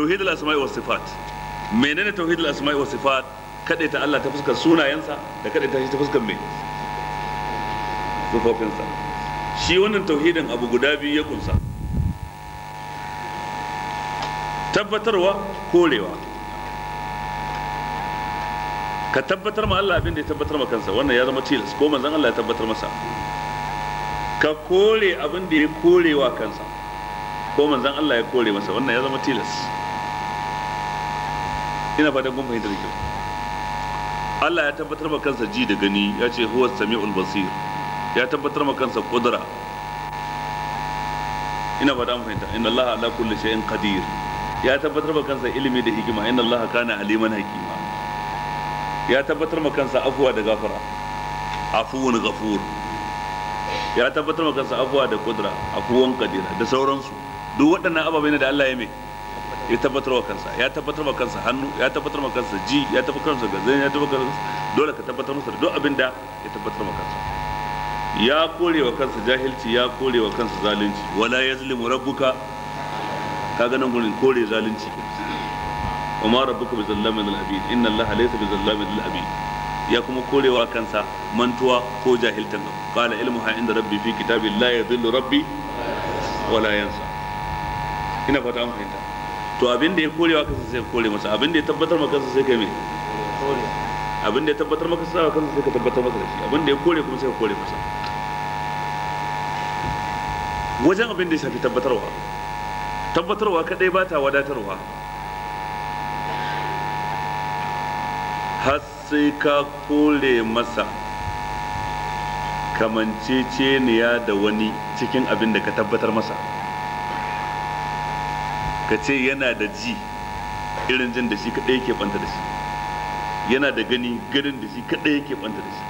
tauhidul asma'i was sifat menene tauhidul asma'i was sifat kade ta Allah ta fuskar sunayensa da kade ta shi ta fuskar me sifofinsa shi wannan tauhidin abu guda biyu ya kunsa tabbatarwa korewa ka tabbatar ma Allah abin da ya tabbatar ma kansa wannan ya zama tilas ko manzon Allah ya tabbatar masa ka kore abin da ya korewa kansa ko manzon Allah ya kore masa wannan ya zama tilas ina fatan kun fahimtar da kyau Allah ya tabbatar ma kansa ji da gani ya ce huwa sami'ul basir ya tabbatar ma kansa kudura ina fata mun fahimta inna Allah ala kulli shay'in qadir ya tabbatar ma kansa ilimi da hikima inna Allah kana aliman hakima ya tabbatar ma kansa afuwa da gafara afuwun ghafur ya tabbatar ma kansa afuwa da kudura afuwan qadira da sauransu duk waɗannan ababai ne da Allah ya mai ya tabbatar wa kansa ya tabbatar wa kansa hannu ya tabbatar wa kansa ji ya tabbatar wa kansa ya tabbatar wa dole ka tabbatar masa da duk abin da ya tabbatar wa kansa ya kore wa kansa jahilci ya kore wa kansa zalunci wala yazlimu rabbuka ka ga nan gurin kore zalunci umar rabbuka bi zallamin lil abid inna allaha laysa bi zallamin lil abid ya kuma korewa kansa mantuwa ko jahiltan qala ilmuha inda rabbi fi kitabillahi yadhillu rabbi wala yansa ina fata an fahimta to abin da ya kore wa kansa sai kore masa abin da ya tabbatar maka kansa sai kai me abin da ya tabbatar maka sa kansa sai ka tabbatar maka da shi abin da ya kore kuma sai ka kore masa wajen abin da ya shafi tabbatarwa tabbatarwa kadai ba ta wadatarwa har sai ka kore masa kamanceceniya da wani cikin abin da ka tabbatar masa ka ce yana da ji irin jin da shi kaɗai yake ɓanta da shi yana da gani ganin da shi kaɗai yake ɓanta da shi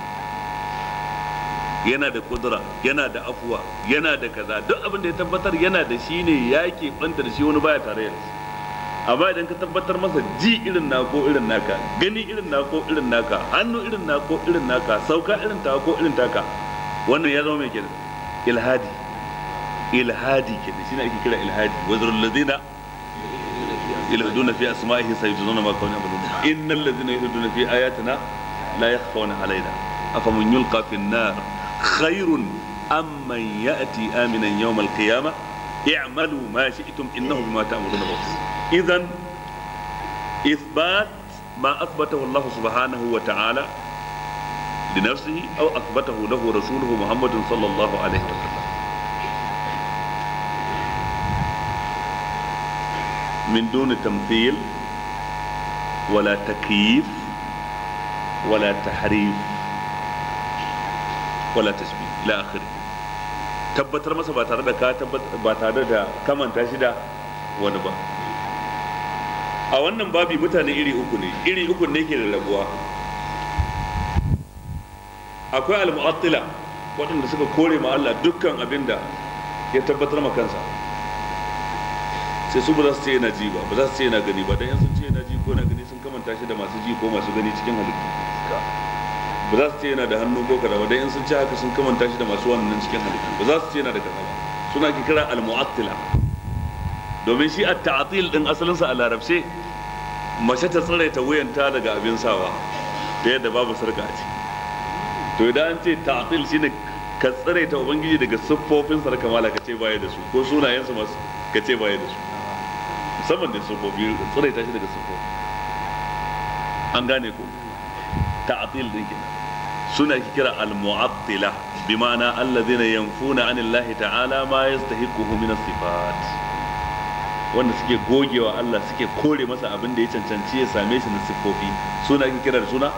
yana da kudura yana da afuwa yana da kaza duk abin da ya tabbatar yana da shi ne ya ke ɓanta da shi wani baya tare da shi amma idan ka tabbatar masa ji irin na ko irin naka gani irin na ko irin naka hannu irin na ko irin naka sauka irin ta ko irin taka wannan ya zama mai kenan ilhadi ilhadi kenan shine ake kira ilhadi wazirul ladina يلحدون في أسمائه سيجزون ما كانوا يعملون إن الذين يلحدون في آياتنا لا يخفون علينا أفمن يلقى في النار خير أم من يأتي آمنا يوم القيامة اعملوا ما شئتم إنه بما تامرون بصير إذا إثبات ما أثبته الله سبحانه وتعالى لنفسه أو أثبته له رسوله محمد صلى الله عليه وسلم min duni tamthil wala takyif wala tahrif wala tasbih ila akhir tabbatar masa ba tare da ka ba tare da kamanta shi da wani ba a wannan babi mutane iri uku ne iri uku ne ke da rabuwa akwai al-mu'attila waɗanda suka kore ma Allah dukkan abinda ya tabbatar ma kansa sai su ba za su ce yana ji ba ba za su ce yana gani ba dan yan sun ce yana ji ko na gani sun kamanta shi da masu ji ko masu gani cikin halittu ba za su ce yana da hannu ko kaza ba dan yan sun ce haka sun kamanta shi da masu wannan cikin halittu ba za su ce yana da kaza ba suna kira al-mu'attila domin shi at-ta'til din asalin sa a larabce mace ta tsare ta wuyanta daga abin sawa da yadda babu sarka ce to idan an ce ta'til shine ka tsare ta ubangiji daga siffofin sarka mala ka ce baya da su ko sunayen su masu ka ce baya da su musamman da sufofi tsirai tashi daga sufo an gane ku ta'atil din kenan suna kira al-mu'attila bi ma'ana allazina yanfuna anillahi ta'ala ma yastahiquhu min as-sifat wanda suke gogewa Allah suke kore masa abin da ya cancanci ya same shi na sifofi suna kira suna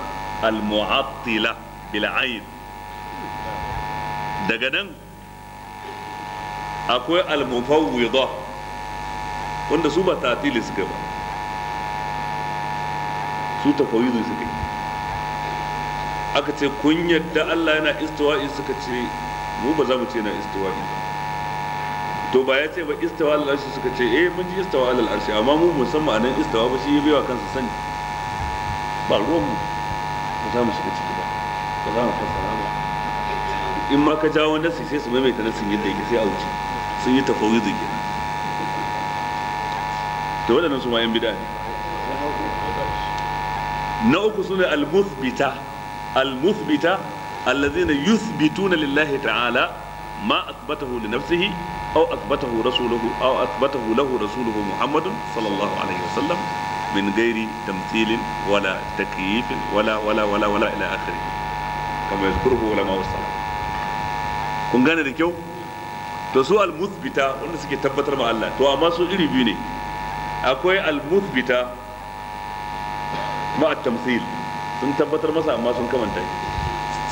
al-mu'attila bil daga nan akwai al-mufawwidah wanda su ba ta'atili suka ba su tafawizu suka yi aka ce kun yadda Allah yana istiwa'i suka ce mu ba za mu ce yana istiwa'i ba to ba ya ce ba istawa alal arshi suka ce eh mun ji istawa alal arshi amma mu san ma'anar istawa ba shi ya baiwa kansa sani ba ruwan mu ba za mu shiga ciki ba ba za mu fassara ba in ma ka jawo nasi sai su maimaita nasin yadda yake sai a wuce sun yi tafawizu kenan to waɗannan su ma yan bid'a ne na uku sune al-muthbita al-muthbita allazina yuthbituna lillahi ta'ala ma athbatahu li nafsihi aw rasuluhu aw lahu rasuluhu muhammadun sallallahu alaihi wasallam min ghairi tamthilin wala takyifin wala wala wala wala ila kama ulama wasallam kun gane da kyau to su al-muthbita wanda suke tabbatar ma Allah to amma su iri biyu ne akwai al-muthbita ma'a tamthil sun tabbatar masa amma sun kamanta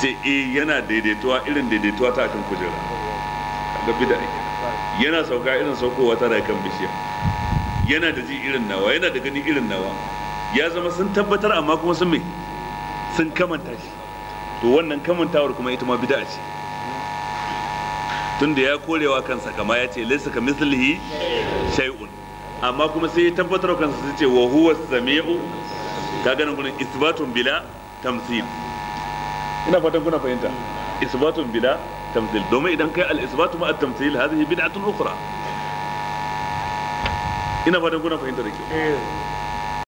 ce eh yana daidaituwa irin daidaituwa ta akan kujera ga bid'a yana sauka irin saukowa ta kan bishiya yana da ji irin nawa yana da gani irin nawa ya zama sun tabbatar amma kuma sun me sun kamanta shi to wannan kamantawar kuma ita ma bid'a ce tunda ya korewa kansa kama ya ce laysa ka mislihi shay'un amma kuma sai ya tabbatar kansa sai ce wa huwa sami'u ka ganin gurin isbatun bila tamsil ina fatan kuna fahimta isbatun bila tamsil domin idan kai al isbatu ma at tamsil hadhihi bid'atun ukhra ina fatan kuna fahimta da kyau eh.